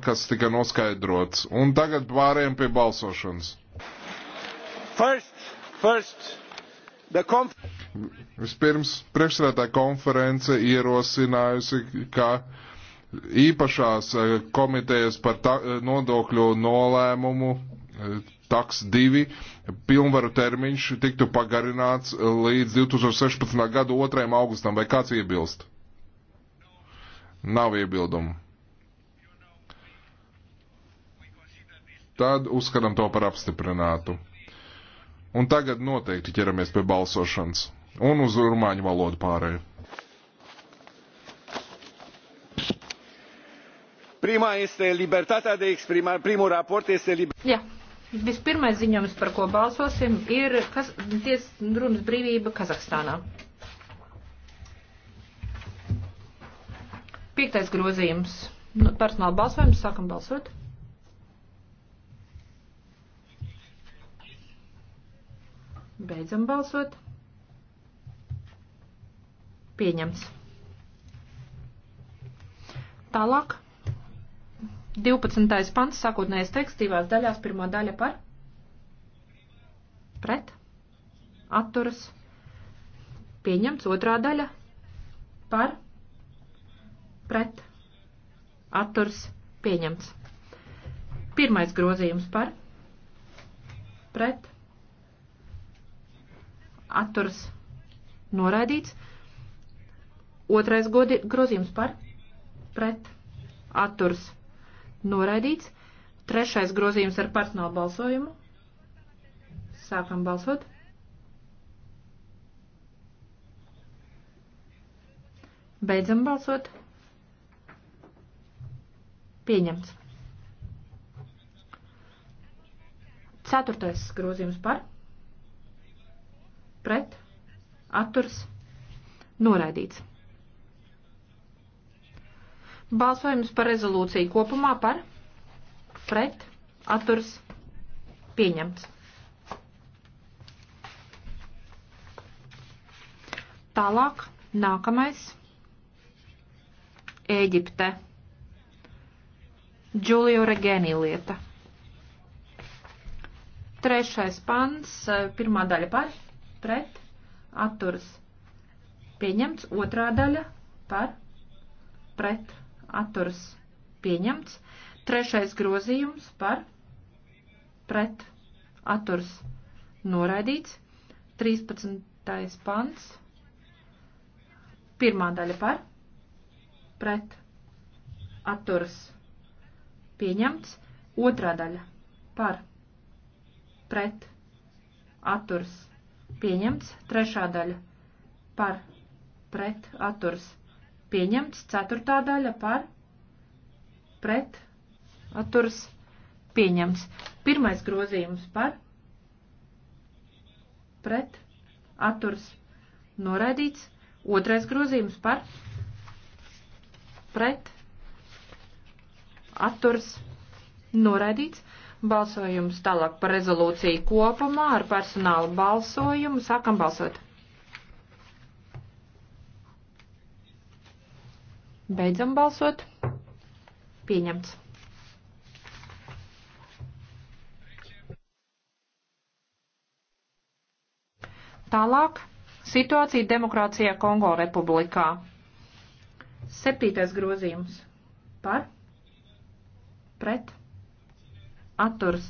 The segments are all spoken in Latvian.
kas tika noskaidrots. Un tagad pārējiem pie balsošanas. First, first, Vispirms priekšsēdētāja konference ierosinājusi, ka īpašās e, komitejas par ta, e, nodokļu nolēmumu e, taks 2 pilnvaru termiņš tiktu pagarināts līdz 2016. gada 2. augustam. Vai kāds iebilst? Nav iebildumu. tad uzskatām to par apstiprinātu. Un tagad noteikti ķeramies pie balsošanas un uz rumāņu valodu pārēju. Prima este libertatea de exprimare, primul raport este libertatea. Yeah. Vispirmais ziņojums, par ko balsosim, ir kas, ties, runas brīvība Kazahstānā. Piektais grozījums. Nu, personāla balsojums. Sākam balsot. Beidzam balsot. Pieņems. Tālāk. 12. pants sākotnējais teksts divās daļās. Pirmā daļa par pret atturas pieņemts. Otrā daļa par pret atturas pieņemts. Pirmais grozījums par pret atturas noraidīts. Otrais godi, grozījums par pret atturas noraidīts. Trešais grozījums ar personālu balsojumu. Sākam balsot. Beidzam balsot. Pieņemts. Ceturtais grozījums par pret, atturs, noraidīts. Balsojums par rezolūciju kopumā par, pret, atturs, pieņemts. Tālāk, nākamais. Ēģipte. Džulio Regeni lieta. Trešais pants, pirmā daļa par pret, atturas pieņemts. Otrā daļa par, pret, atturas pieņemts. Trešais grozījums par, pret, atturas noraidīts. 13. pants. Pirmā daļa par, pret, atturas pieņemts. Otrā daļa par, pret, atturas pieņemts, trešā daļa par pret atturs pieņemts, ceturtā daļa par pret atturs pieņemts. Pirmais grozījums par pret atturs noraidīts, otrais grozījums par pret atturs noraidīts, Balsojums tālāk par rezolūciju kopumā ar personālu balsojumu. Sākam balsot. Beidzam balsot. Pieņemts. Tālāk situācija demokrācijā Kongo republikā. Septītais grozījums. Par? Pret? atturs.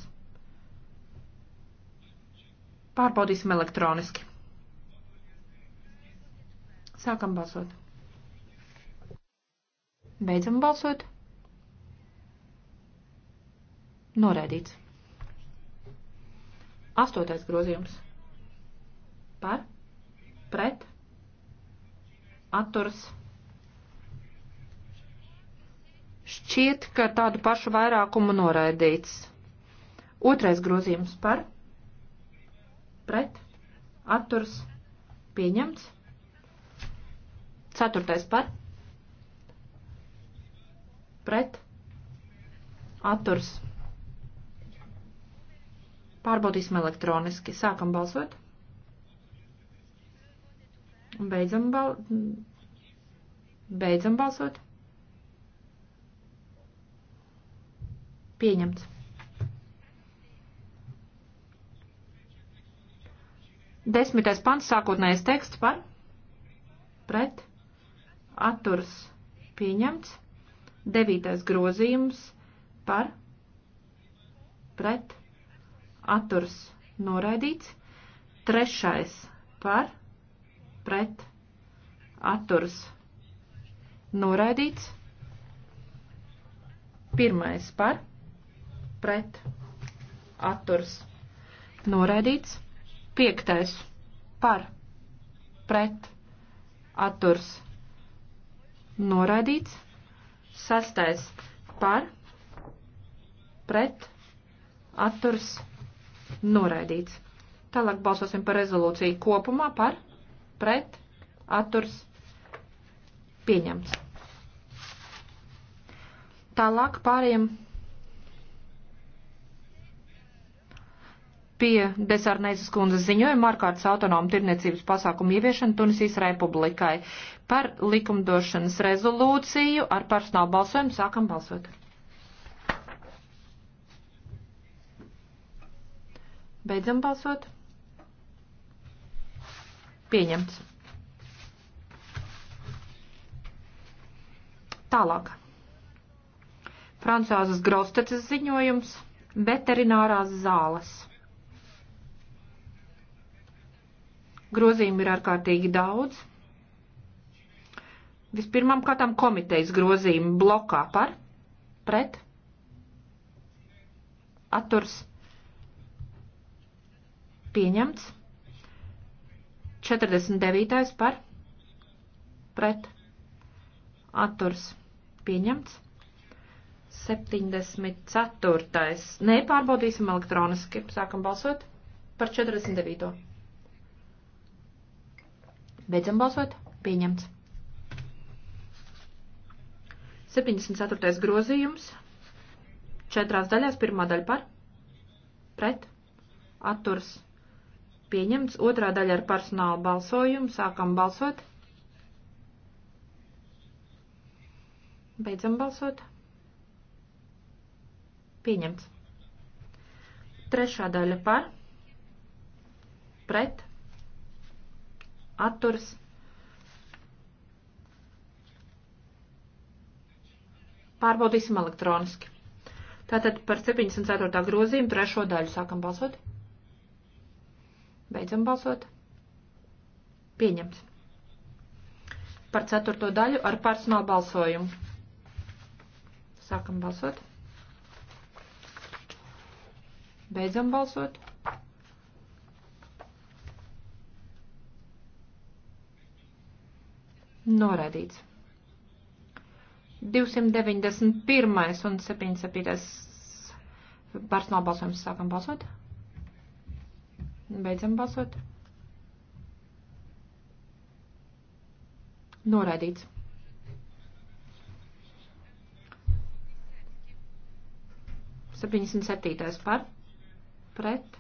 Pārbaudīsim elektroniski. Sākam balsot. Beidzam balsot. Noraidīts. Astotais grozījums. Par, pret, atturs. Šķiet, ka tādu pašu vairākumu noraidīts. Otrais grozījums par, pret, atturs, pieņemts. Ceturtais par, pret, atturs. Pārbaudīsim elektroniski. Sākam balsot. Beidzam, bal Beidzam balsot. Pieņemts. Desmitais pants sākotnējais teksts par pret atturs pieņemts. Devītais grozījums par pret atturs noraidīts. Trešais par pret atturs noraidīts. Pirmais par pret atturs noraidīts. Piektais par pret atturs noraidīts. Sastais par pret atturs noraidīts. Tālāk balsosim par rezolūciju kopumā par pret atturs pieņemts. Tālāk pārējiem pie Desarnēzes kundzes ziņojuma ārkārtas autonomu tirniecības pasākumu ieviešanu Tunisijas republikai par likumdošanas rezolūciju ar personālu balsojumu. Sākam balsot. Beidzam balsot. Pieņemts. Tālāk. Francāzes Grostetes ziņojums veterinārās zāles. Grozījumi ir ārkārtīgi daudz. Vispirmām kārtām komitejas grozījumi blokā par, pret, atturs, pieņemts, 49. par, pret, atturs, pieņemts, 74. Nē, pārbaudīsim elektroniski, sākam balsot par 49. Beidzam balsot. Pieņemts. 74. grozījums. Četrās daļās. Pirmā daļa par. Pret. Atturs. Pieņemts. Otrā daļa ar personālu balsojumu. Sākam balsot. Beidzam balsot. Pieņemts. Trešā daļa par. Pret atturas. Pārbaudīsim elektroniski. Tātad par 74. grozījumu trešo daļu sākam balsot. Beidzam balsot. Pieņemts. Par ceturto daļu ar personālu balsojumu. Sākam balsot. Beidzam balsot. Noraidīts. 291 un 77. personāla balsojums sākam balsot. Beidzam balsot. Noraidīts. Septiņdesmit septītais par, pret,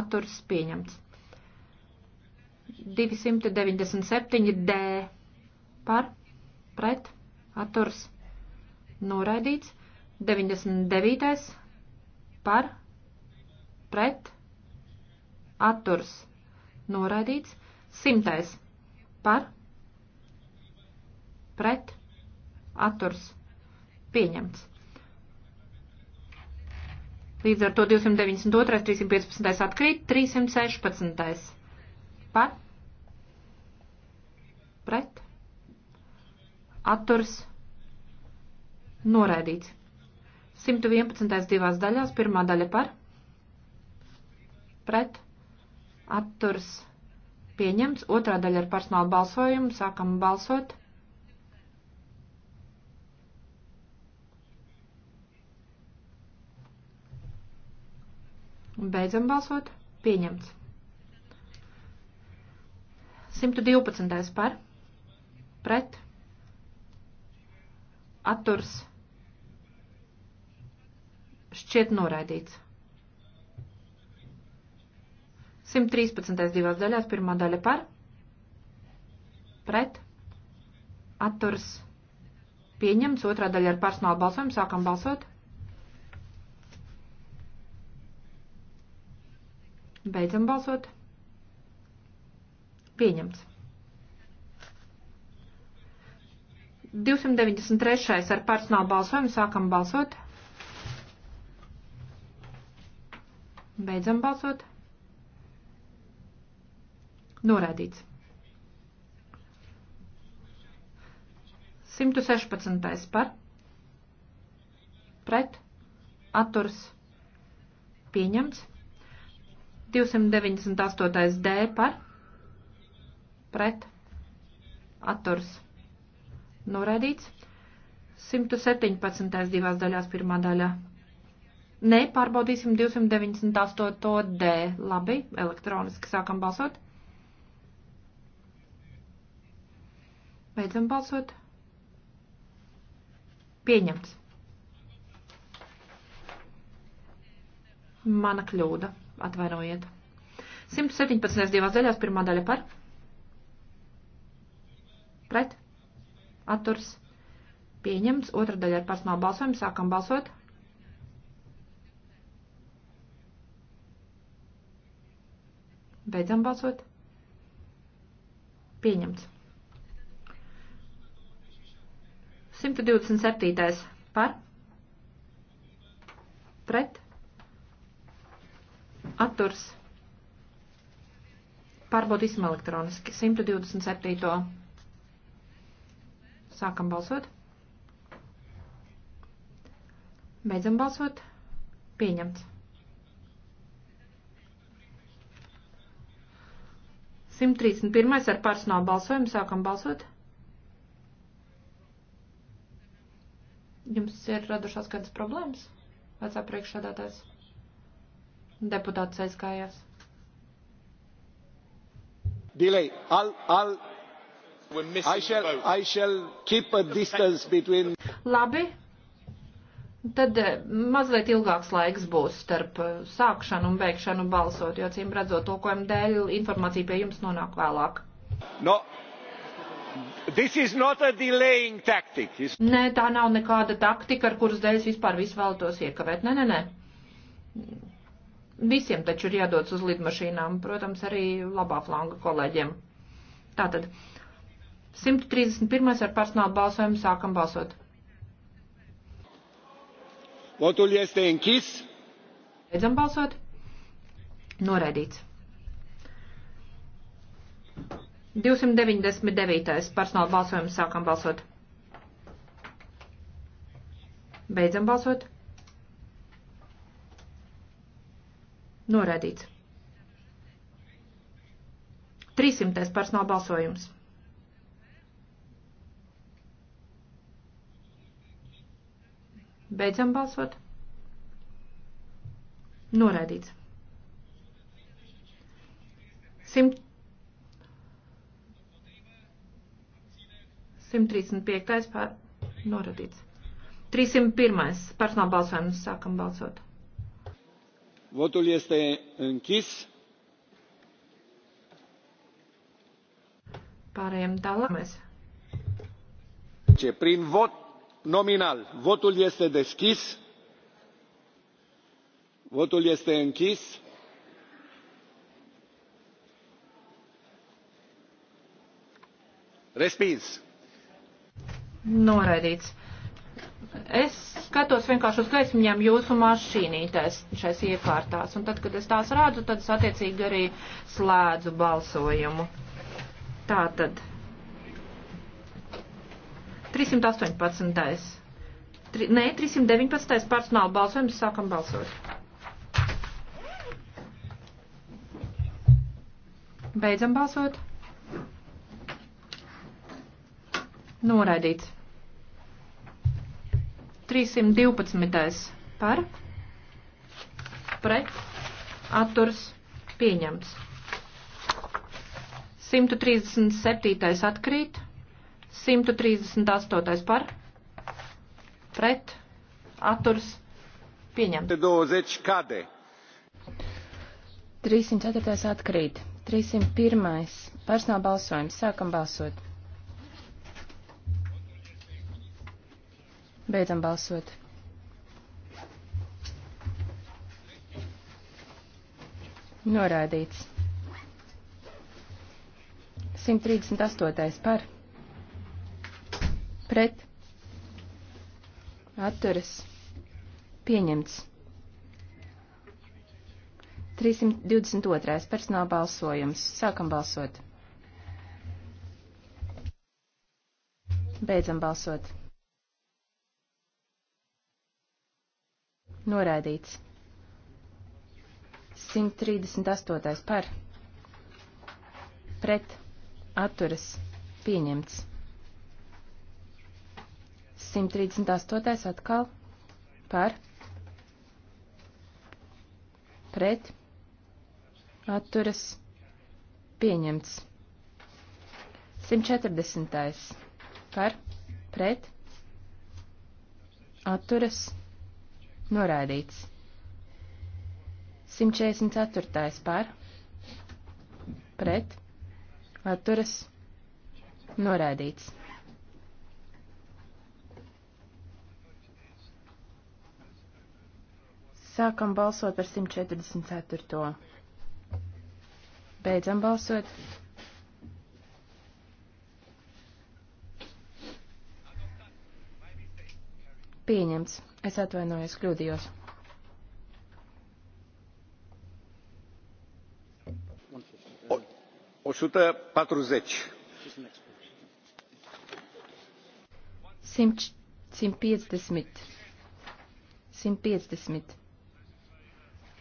atturs pieņemts. 297 D par pret atturs noraidīts. 99. par pret atturs noraidīts. 100. par pret atturs pieņemts. Līdz ar to 292, 315 atkrīt, 316 par pret atturs noraidīts. 111. divās daļās, pirmā daļa par, pret, atturs pieņemts, otrā daļa ar personālu balsojumu, sākam balsot. Un beidzam balsot, pieņemts. 112. par, pret, atturs šķiet noraidīts. 113. divās daļās, pirmā daļa par, pret, atturs pieņemts, otrā daļa ar personālu balsojumu, sākam balsot. Beidzam balsot. Pieņemts. 293. ar personālu balsojumu sākam balsot. Beidzam balsot. Norādīts. 116. par. Pret. Atturs. Pieņemts. 298. D par. Pret. Atturs. Noraidīts. 117. divās daļās pirmā daļa. Nē, pārbaudīsim 298. D. Labi, elektroniski sākam balsot. Beidzam balsot. Pieņemts. Mana kļūda. Atvainojiet. 117. divās daļās pirmā daļa par. Pret atturs pieņemts. Otra daļa ar personālu balsojumu. Sākam balsot. Beidzam balsot. Pieņemts. 127. par pret atturs pārbaudīsim elektroniski 127. Sākam balsot. Beidzam balsot. Pieņemts. 131. ar personālu balsojumu sākam balsot. Jums ir radušās kādas problēmas? Vecā priekšsādātājs. Deputāts aizgājās. Delay. I'll, I'll I shall, I shall keep a distance between. Labi. Tad eh, mazliet ilgāks laiks būs starp eh, sākšanu un beigšanu balsot, jo cīm redzot to, ko dēļ informācija pie jums nonāk vēlāk. No. Nē, tā nav nekāda taktika, ar kuras dēļ es vispār visu vēlētos iekavēt. Nē, nē, nē. Visiem taču ir jādodas uz lidmašīnām, protams, arī labā flanga kolēģiem. Tātad. 131. ar personālu balsojumu sākam balsot. Votul este închis. Beidzam balsot. Noraidīts. 299. personāla balsojums sākam balsot. Beidzam balsot. Noraidīts. 300. personāla balsojums. Beidzam balsot. Noraidīts. 100. 135. pār noraidīts. 301. personāla balsojums sākam balsot. Votul este închis. Pārējiem tālāk mēs. Ce prin vot nominal votul este deschis votul este închis respins noraidīts es skatos vienkārši uz gaismiņām jūsu mašīnītēs šais iekārtās, un tad, kad es tās rādu, tad es attiecīgi arī slēdzu balsojumu. Tātad. 318. Tri, nē, 319. personāla balsojums. Sākam balsot. Beidzam balsot. Noraidīts. 312. par pret atturs pieņemts. 137. atkrīt. 138. par, pret, atturs, pieņemts. 20 kade. 304. atkrīt. 301. Personāla balsojums. Sākam balsot. Beidzam balsot. Noraidīts. 138. par pret, atturas, pieņemts. 322. personāla balsojums. Sākam balsot. Beidzam balsot. Noraidīts. 138. par. Pret. Atturas. Pieņemts. 138. atkal par pret atturas pieņemts. 140. par pret atturas noraidīts. 144. par pret atturas noraidīts. Sākam balsot par 144. Beidzam balsot. Pieņemts. Es atvainojos, kļūdījos. o sută patruzeci simt piecdesmit simt piecdesmit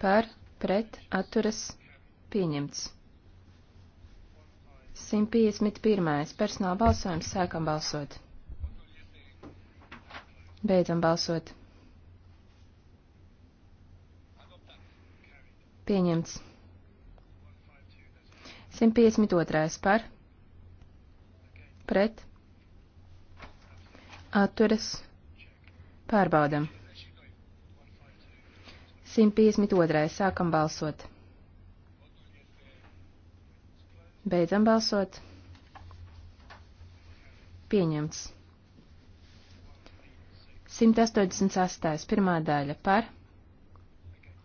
par pret atturas pieņemts. 151. personāla balsojums sākam balsot. Beidzam balsot. Pieņemts. 152. par pret atturas pārbaudam. 152. Sākam balsot. Beidzam balsot. Pieņemts. 188. Pirmā daļa par,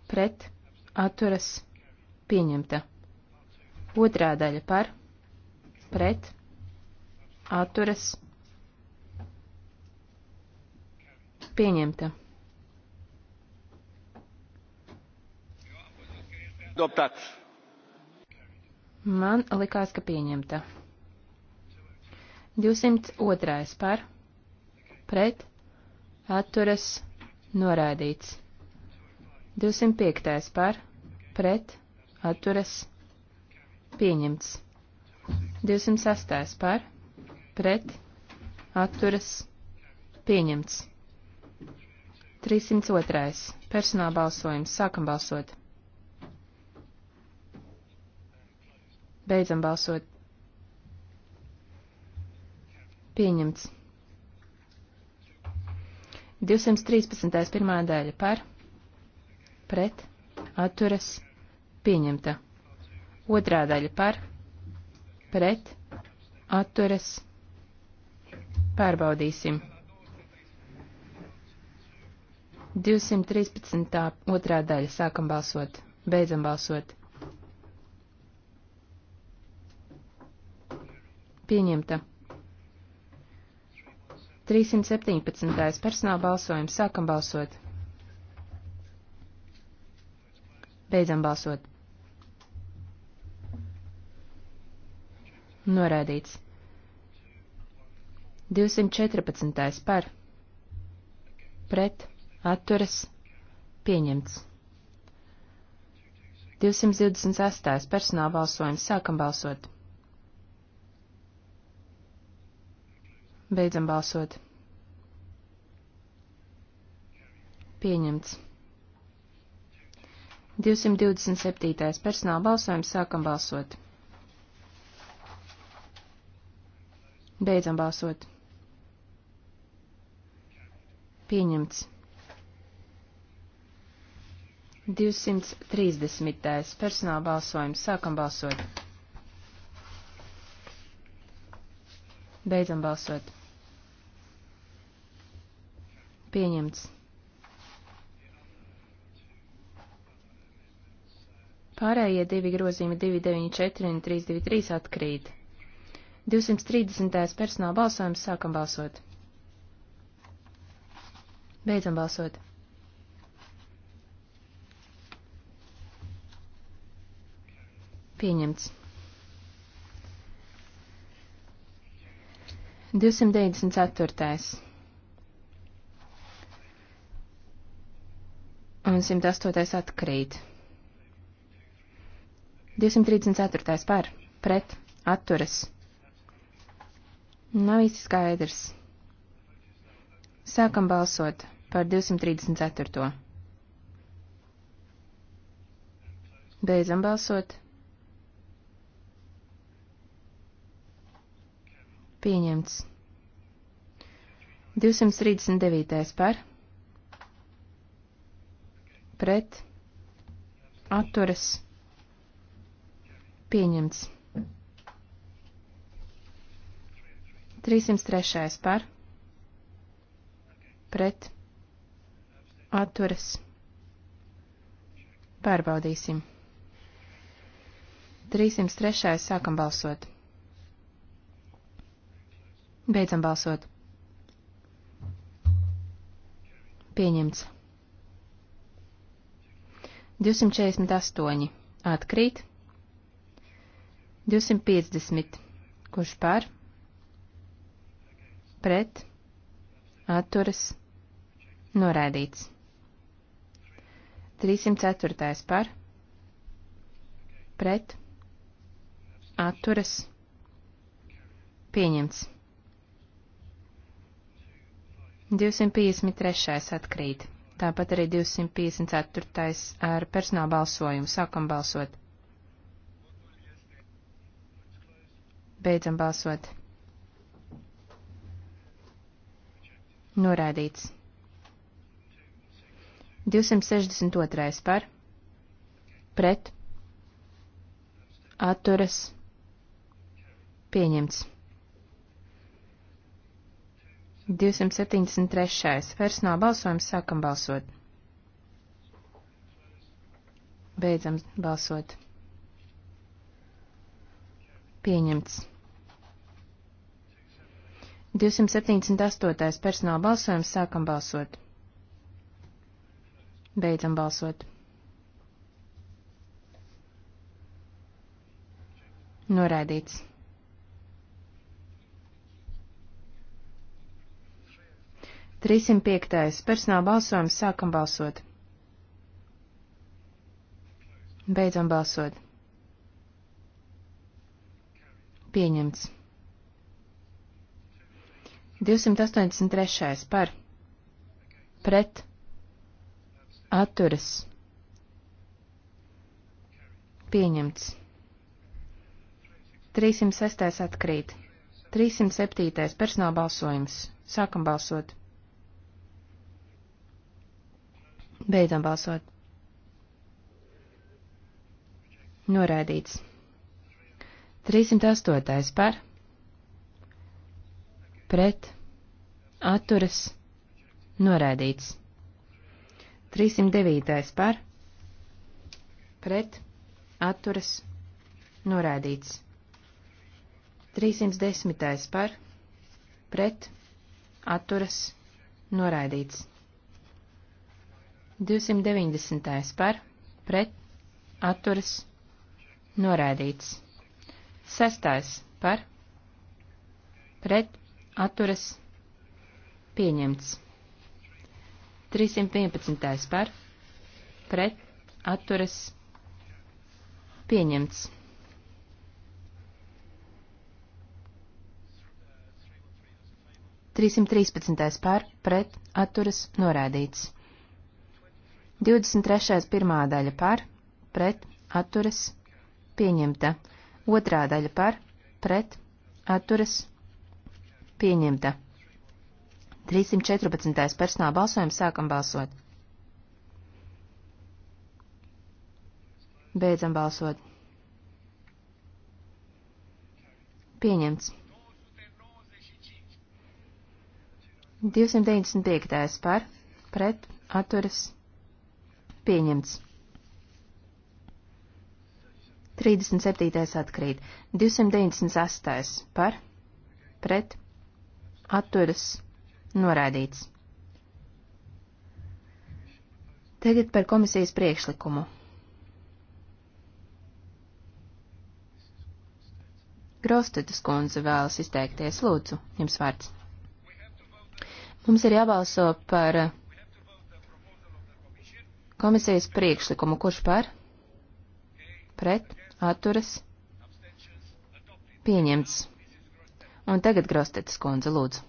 pret, atturas, pieņemta. Otrā daļa par, pret, atturas, pieņemta. adoptat. Man likās, ka pieņemta. 202. par pret atturas noraidīts. 205. par pret atturas pieņemts. 206. par pret atturas pieņemts. 302. personāla balsojums. Sākam balsot. Beidzam balsot. Pieņemts. 213. pirmā daļa par, pret, atturas, pieņemta. Otrā daļa par, pret, atturas, pārbaudīsim. 213. otrā daļa sākam balsot, beidzam balsot. Pieņemta. 317. personāla balsojums. Sākam balsot. Beidzam balsot. Norādīts. 214. par. Pret. Atturas. Pieņemts. 228. personāla balsojums. Sākam balsot. Beidzam balsot. Pieņemts. 227. personāla balsojums sākam balsot. Beidzam balsot. Pieņemts. 230. personāla balsojums sākam balsot. Beidzam balsot. Pieņemts. Pārējie divi grozījumi 294 un 323 atkrīt. 230. personāla balsojums sākam balsot. Beidzam balsot. Pieņemts. 294. un 108. atkrīt. 234. par, pret, atturas. Nav īsti skaidrs. Sākam balsot par 234. Beidzam balsot. Pieņemts. 239. par pret, atturas, pieņemts. 303. par, pret, atturas, pārbaudīsim. 303. sākam balsot. Beidzam balsot. Pieņemts. 248 atkrīt. 250, kurš par, pret, atturas, noraidīts. 304. par, pret, atturas, pieņemts. 253. atkrīt. Tāpat arī 254. ar personāla balsojumu. Sākam balsot. Beidzam balsot. Norādīts. 262. par. Pret. Atturas. Pieņemts. 273. Vairs nav balsojums, sākam balsot. Beidzam balsot. Pieņemts. 278. personāla balsojums sākam balsot. Beidzam balsot. Noraidīts. 305. Personāla balsojums. Sākam balsot. Beidzam balsot. Pieņemts. 283. par. Pret. Atturas. Pieņemts. 306. atkrīt. 307. personāla balsojums. Sākam balsot. Beidzam balsot. Noraidīts. 308. par. Pret. Atturas. Noraidīts. 309. par. Pret. Atturas. Noraidīts. 310. par. Pret. Atturas. Noraidīts. 290. par, pret, atturas, noraidīts. 6. par, pret, atturas, pieņemts. 311. par, pret, atturas, pieņemts. 313. pār pret atturas norādīts. 23. pirmā daļa par, pret, atturas, pieņemta. Otrā daļa par, pret, atturas, pieņemta. 314. personāla balsojums sākam balsot. Beidzam balsot. Pieņemts. 295. par, pret, atturas, pieņemta. Pieņemts. 37. atkrīt. 298. par, pret, atturas, noraidīts. Tagad par komisijas priekšlikumu. Grostetas kundze vēlas izteikties. Lūdzu, jums vārds. Mums ir jābalso par komisijas priekšlikumu. Kurš par? Pret? Atturas? Pieņemts. Un tagad Grostetes kundze, lūdzu.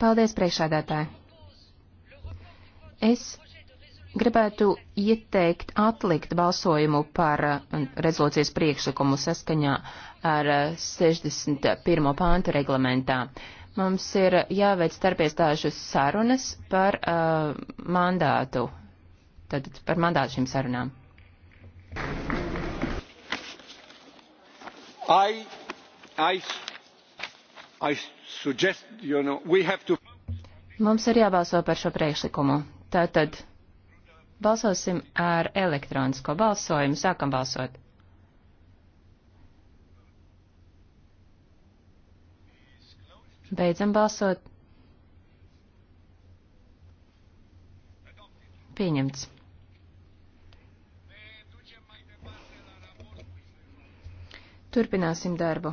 Paldies, priekšādātāji. Es gribētu ieteikt atlikt balsojumu par uh, rezolūcijas priekšlikumu saskaņā ar 61. Uh, pāntu reglamentā. Uh, Mums ir jāveic starpiestāžu sarunas par uh, mandātu, tad par mandātu šīm sarunām. I, I, I suggest, you know, to... Mums ir jābalso par šo priekšlikumu. Tātad balsosim ar elektronisko balsojumu. Sākam balsot. Beidzam balsot. Pieņemts. Turpināsim darbu.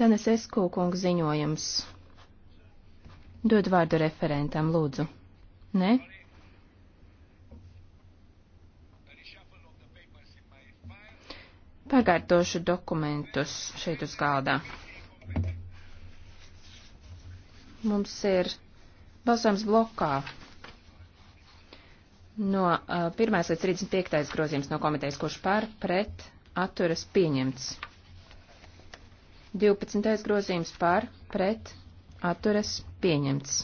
Tanes Eskūkungs ziņojums. Dod vārdu referentam, lūdzu. Ne? pakārtošu dokumentus šeit uz galdā. Mums ir balsojums blokā no uh, 1. līdz 35. grozījums no komitejas, kurš pār pret atturas pieņemts. 12. grozījums pār pret atturas pieņemts.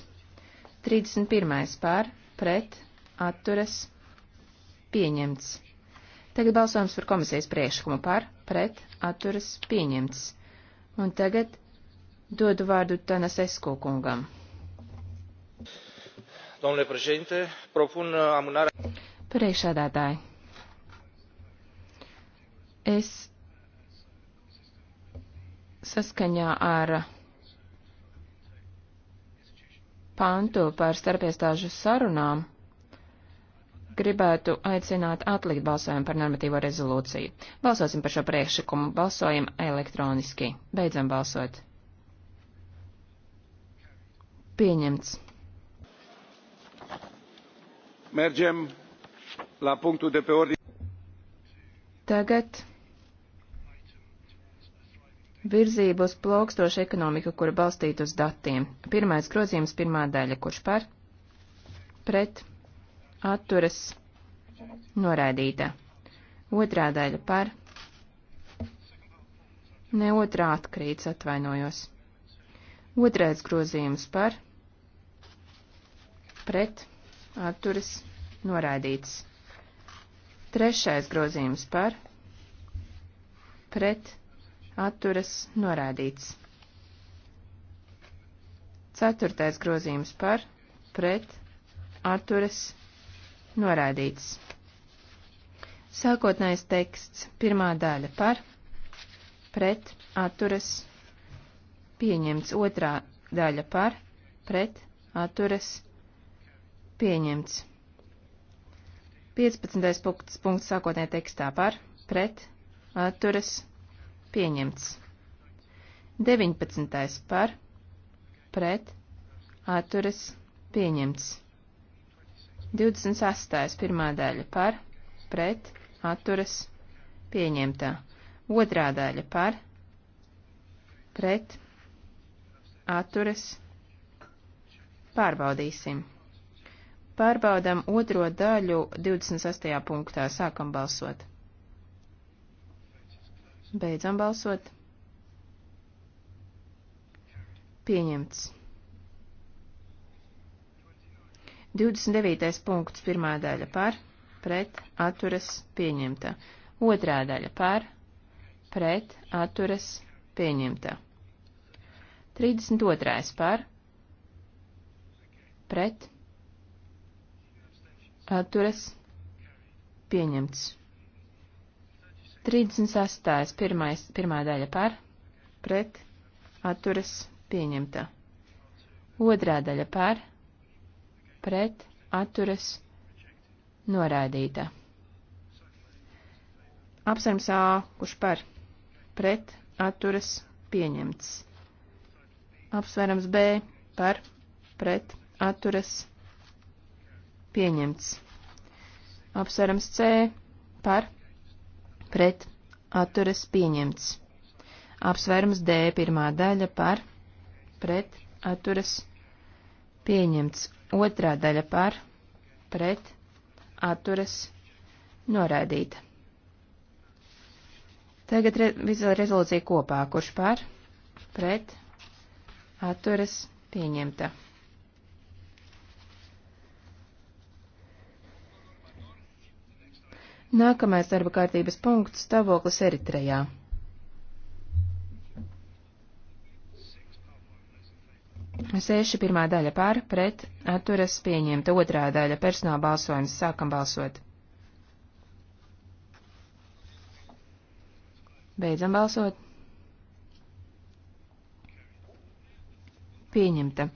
31. pār pret atturas pieņemts. Tagad balsojums par komisijas priekšlikumu par, pret, atturas pieņemts. Un tagad dodu vārdu Tanas Esko kungam. Domnule președinte, propun uh, amânarea. Priekšādātāji. Es saskaņā ar pantu par starpiestāžu sarunām gribētu aicināt atlikt balsojumu par normatīvo rezolūciju. Balsosim par šo priekšlikumu, balsojam elektroniski. Beidzam balsot. Pieņemts. Merģem la punktu de pe ordine. Tagad virzību uz plaukstošu ekonomiku, kura balstīta uz datiem. Pirmais grozījums, pirmā daļa, kurš par? Pret atturas noraidīta. Otrā daļa par. Ne otrā atkrīts atvainojos. Otrais grozījums par. Pret atturas noraidīts. Trešais grozījums par. Pret atturas noraidīts. Ceturtais grozījums par. Pret atturas noraidīts Noraidīts. Sākotnējais teksts, pirmā daļa par, pret, atturas, pieņemts, otrā daļa par, pret, atturas, pieņemts. 15. punkts, punkts sākotnējā tekstā par, pret, atturas, pieņemts. 19. par, pret, atturas, pieņemts. 26. pirmā daļa par, pret, atturas, pieņemtā. Otrā daļa par, pret, atturas, pārbaudīsim. Pārbaudam otro daļu 26. punktā, sākam balsot. Beidzam balsot. Pieņemts. 29. punkts, pirmā daļa par, pret, atturas, pieņemta. Otrā daļa par, pret, atturas, pieņemta. 32. par, pret, atturas, pieņemts. 36. Pirmais, pirmā daļa par, pret, atturas, pieņemta. Otrā daļa par, pret atturas noraidīta. Apsvērums A, kurš par pret atturas pieņemts. Apsvērums B par pret atturas pieņemts. Apsvērums C par pret atturas pieņemts. Apsvērums D pirmā daļa par pret atturas pieņemts. Otrā daļa par, pret, atturas, noraidīta. Tagad re, visa rezolūcija kopā, kurš par, pret, atturas, pieņemta. Nākamais darba kārtības punkts - stāvoklis Eritrejā. Seši pirmā daļa par, pret, atturas pieņemta. Otrā daļa personāla balsojums. Sākam balsot. Beidzam balsot. Pieņemta.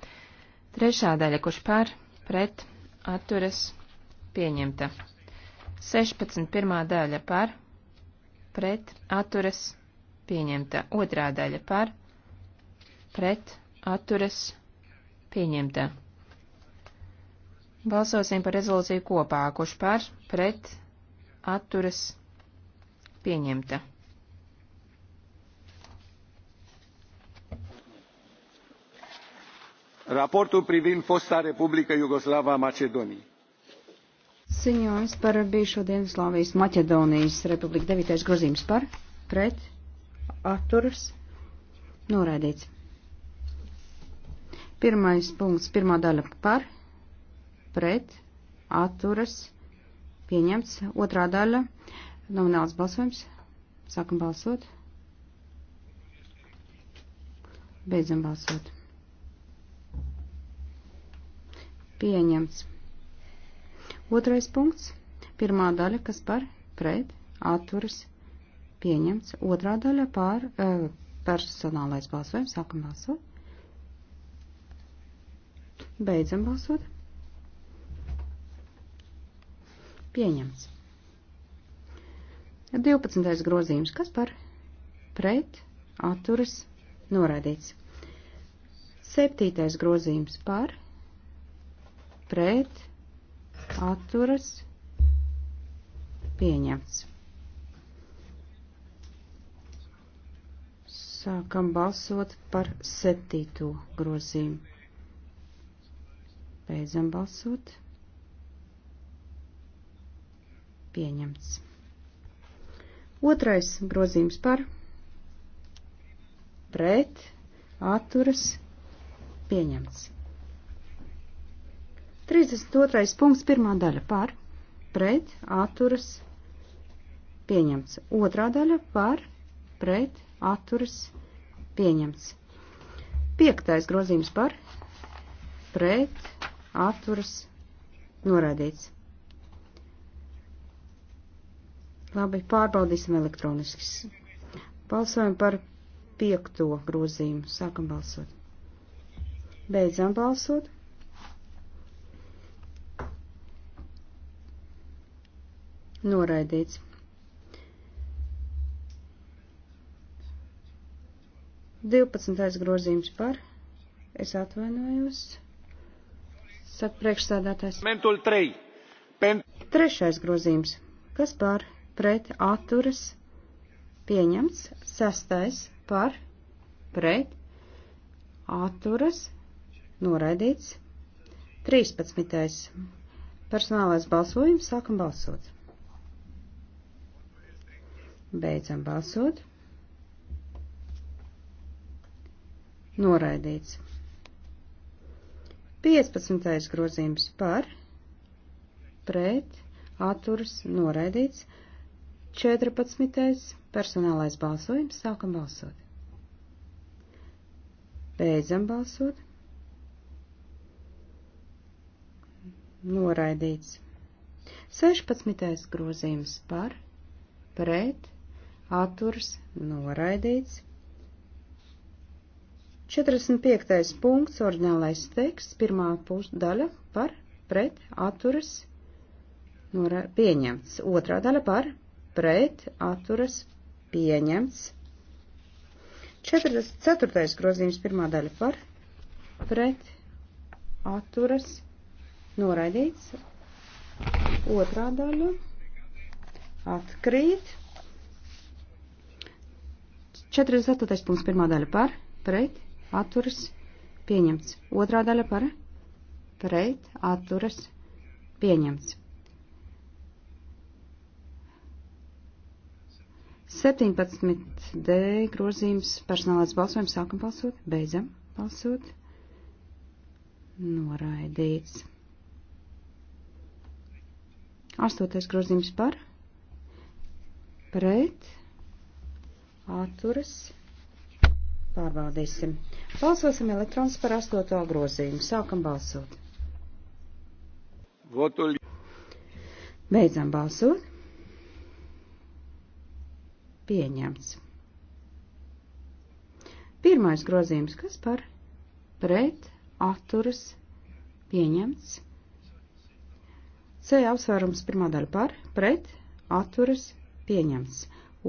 Trešā daļa, kurš par, pret, atturas, pieņemta. 16. pirmā daļa par, pret, atturas, pieņemta. Otrā daļa par, pret, atturas, pieņemta Pieņemta. Balsosim par rezolūciju kopā, kurš par, pret, atturas, pieņemta. Raportul privind fosta Republică Iugoslava a Macedoniei. Ziņojums par bijušo Dienvidslāvijas Maķedonijas republiku 9. grozījums par, pret, atturas, noraidīts. Pirmais punkts, pirmā daļa par, pret, atturas, pieņemts. Otrā daļa, nomināls balsojums, sākam balsot. Beidzam balsot. Pieņemts. Otrais punkts, pirmā daļa, kas par, pret, atturas, pieņemts. Otrā daļa par, eh, personālais balsojums, sākam balsot. Beidzam balsot. Pieņemts. 12. grozījums. Kas par pret atturas norādīts? 7. grozījums par pret atturas pieņemts. Sākam balsot par septīto grozījumu. Beidzam balsot. Pieņemts. Otrais grozījums par pret atturas pieņemts. 32. punkts, pirmā daļa par pret atturas pieņemts. Otrā daļa par pret atturas pieņemts. Piektais grozījums par pret atturas norādīts. Labi, pārbaudīsim elektroniski. Balsojam par piekto grozījumu. Sākam balsot. Beidzam balsot. Noraidīts. 12. grozījums par. Es atvainojos saka priekšsādātājs. Trešais grozījums. Kas par pret atturas pieņemts? Sestais par pret atturas noraidīts. 13. Personālais balsojums sākam balsot. Beidzam balsot. Noraidīts. 15. grozījums par, pret, atturas, noraidīts. 14. personālais balsojums, sākam balsot. Beidzam balsot. Noraidīts. 16. grozījums par, pret, atturas, noraidīts. 45. punkts, orģinālais teksts, pirmā pusdaļa par pret atturas norā, pieņemts. Otrā daļa par pret atturas pieņemts. 44. grozījums, pirmā daļa par pret atturas noraidīts. Otrā daļa atkrīt. 48. punkts, pirmā daļa par pret atturas, pieņemts. Otrā daļa par, pret, atturas, pieņemts. 17D grozījums personālais balsojums sākam balsot, beidzam balsot, noraidīts. Astotais grozījums par, pret, atturas, pieņemts Pārbaudīsim. Balsosim elektrons par astoto grozījumu. Sākam balsot. Votuļ. Beidzam balsot. Pieņemts. Pirmais grozījums, kas par pret atturas pieņemts. C apsvērums pirmā daļa par, pret, atturas, pieņemts.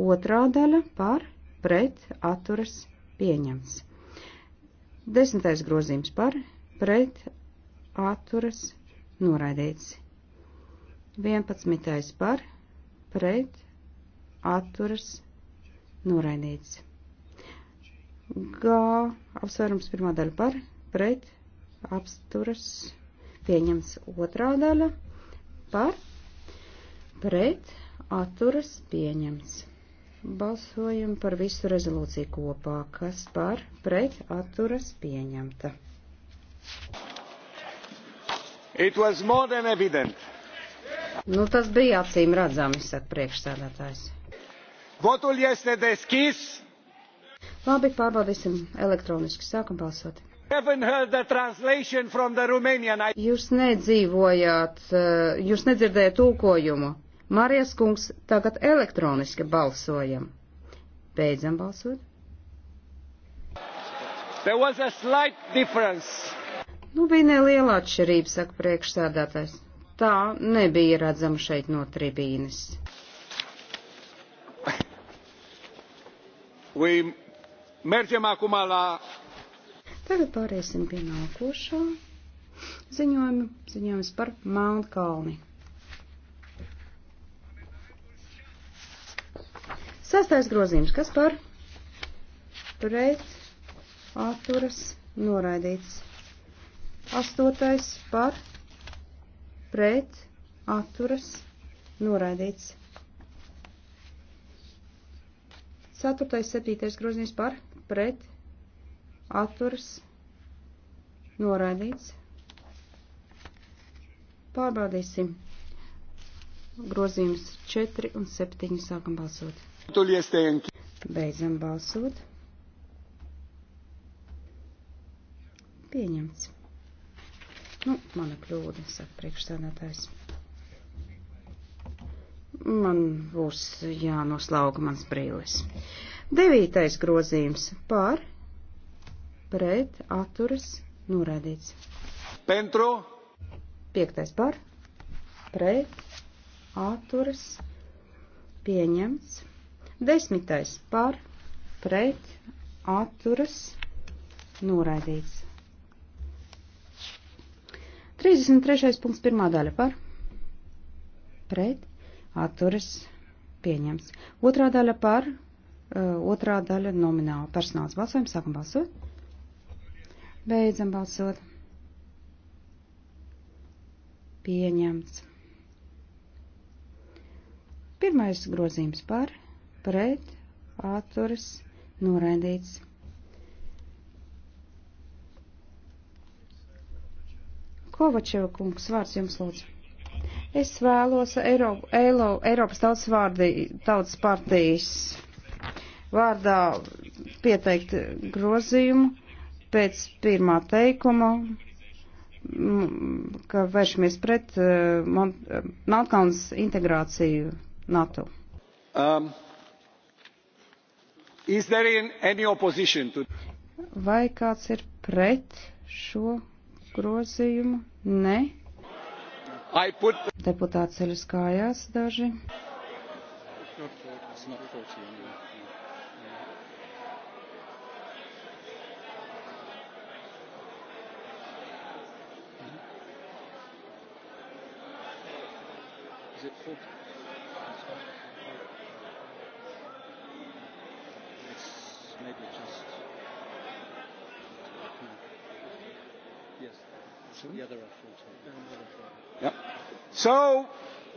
Otrā daļa par, pret, atturas, pieņemts. Desmitais grozījums par, pret, atturas, noraidīts. Vienpadsmitais par, pret, atturas, noraidīts. G apsvērums pirmā daļa par, pret, apsturas, pieņems otrā daļa par, pret, atturas, pieņems. Balsojam par visu rezolūciju kopā, kas par pret atturas pieņemta. Nu, tas bija acīm redzami, saka priekšsēdētājs. Votul este deschis. Labi, pārbaudīsim elektroniski. Sākam balsot. Jūs nedzīvojāt, eh, jūs nedzirdējāt tulkojumu. Marijas kungs, tagad elektroniski balsojam. Beidzam balsot. Nu, bija neliela atšķirība, saka priekšsēdētājs. Tā nebija redzama šeit no tribīnes. Tagad pāriesim pie nākošā ziņojuma, ziņojums par Melnkalni. Sastais grozījums, kas par pret atturas noraidīts. Astotais par pret atturas noraidīts. Ceturtais, septītais grozījums par pret atturas noraidīts. Pārbaudīsim grozījums 4 un 7 sākam balsot. Beidzam balsot. Pieņemts. Nu, mana kļūda, saka priekšstādātājs. Man būs jānoslauka mans brīlis. Devītais grozījums par pret atturas norādīts. Pentru. Piektais par pret atturas pieņemts. Desmitais par pret atturas noraidīts. 33. punkts pirmā daļa par pret atturas pieņems. Otrā daļa par, uh, otrā daļa nomināla personāls balsojums. Sākam balsot. Beidzam balsot. Pieņemts. Pirmais grozījums par pret atturas noraidīts. Kovačeva kungs, vārds jums lūdzu. Es vēlos Eiropa, Eilo, Eiropas tautas, vārdī, tautas partijas vārdā pieteikt grozījumu pēc pirmā teikuma, mm, ka vēršamies pret uh, eh, Melnkalnas integrāciju NATO. Um. To... Vai kāds ir pret šo grozījumu? Nē. Put... Deputāts ceļas kājās daži. Is it 40? Yeah, there are 40. Yeah. So,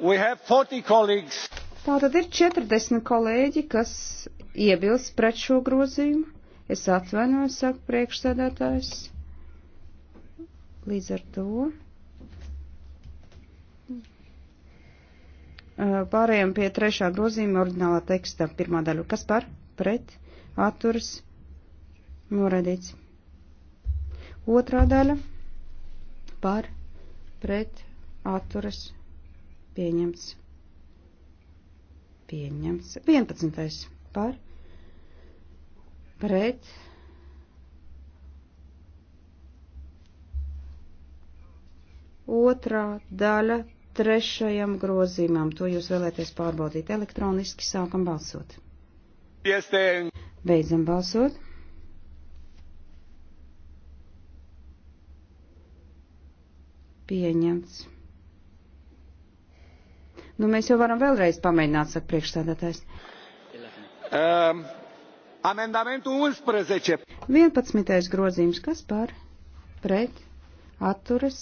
we have 40 colleagues. Tātad ir 40 kolēģi, kas iebilst pret šo grozījumu. Es atvainojos, saka priekšsēdētājs. Līdz ar to. Pārējām pie trešā grozījuma ordinālā teksta pirmā daļa. Kas par? Pret, atturas, noraidīts. Otrā daļa par pret atturas pieņemts. Pieņemts. 11. par pret otrā daļa trešajam grozīmam. To jūs vēlēties pārbaudīt elektroniski. Sākam balsot. Beidzam balsot. Pieņemts. Nu, mēs jau varam vēlreiz pamēģināt, saka priekšstādātājs. Um, amendamentu 11. 11. grozījums. Kas par? Pret? Atturas?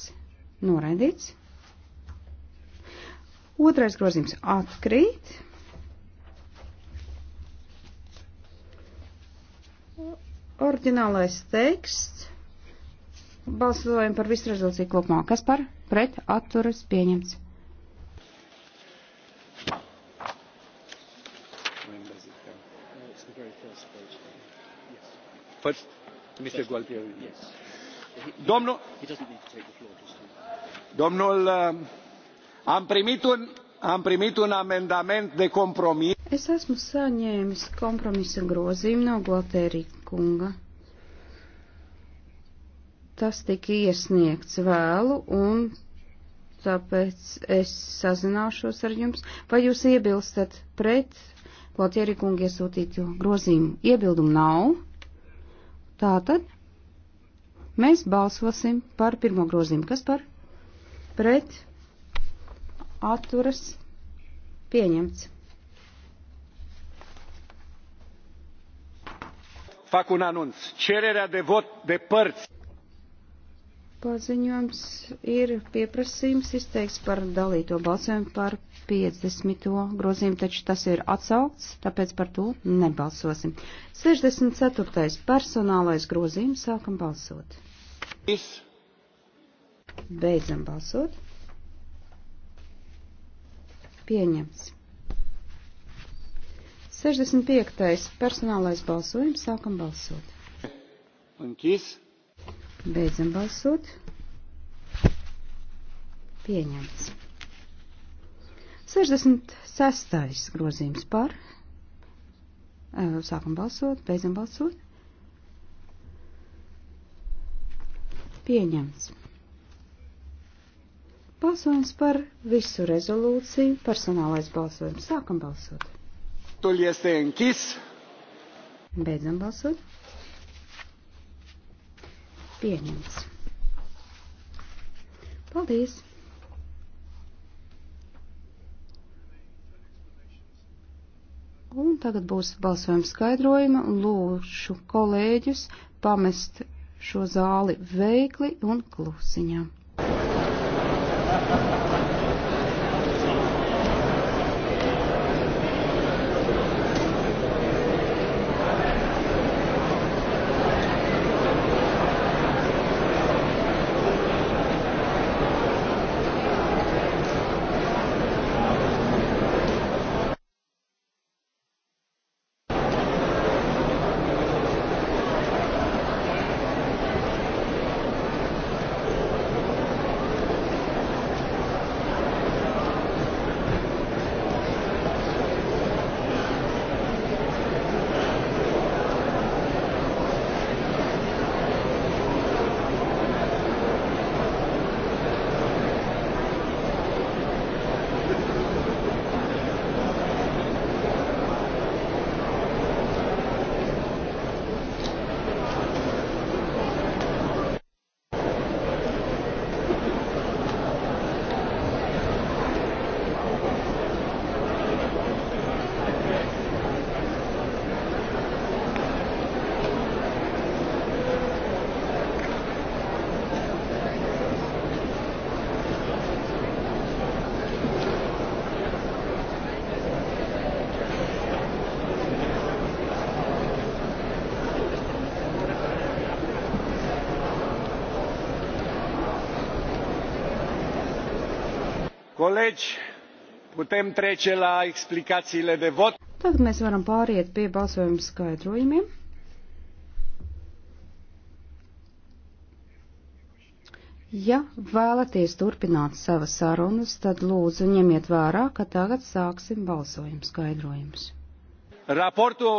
Noraidīts? Otrais grozījums atkrīt. Orģinālais teksts Balsojam par visu rezolūciju kopumā. Kas par? Pret atturas pieņemts. First, Mr. Gualtieri. Yes. Domnul, domnul, um, am primit un, am primit un amendament de compromis. Es esmu saņēmis kompromisa grozījumu no Gualtieri kunga. Tas tika iesniegts vēlu un tāpēc es sazināšos ar jums. Vai jūs iebilstat pret Klotieri kungu iesūtīto grozījumu? Iebildumu nav. Tātad mēs balsosim par pirmo grozījumu. Kas par? Pret atturas pieņemts. Fac un anunț. Cererea de vot de părți paziņojums ir pieprasījums izteikts par dalīto balsojumu par 50. grozījumu, taču tas ir atsaukts, tāpēc par to nebalsosim. 64. personālais grozījums sākam balsot. Is. Beidzam balsot. Pieņemts. 65. personālais balsojums sākam balsot. Un kis. Beidzam balsot. Pieņemts. 66. grozījums par. Sākam balsot, beidzam balsot. Pieņemts. Balsojums par visu rezolūciju, personālais balsojums. Sākam balsot. Tuļies te enkis. Beidzam balsot. Pieņemts. Paldies! Un tagad būs balsojuma skaidrojuma. Lūšu kolēģus pamest šo zāli veikli un klusiņā. Kolēģi, putem trece la explicațiile de vot. Tad mēs varam pāriet pie balsojuma skaidrojumiem. Ja vēlaties turpināt savas sarunas, tad lūdzu ņemiet vērā, ka tagad sāksim balsojumu skaidrojumus. Raportu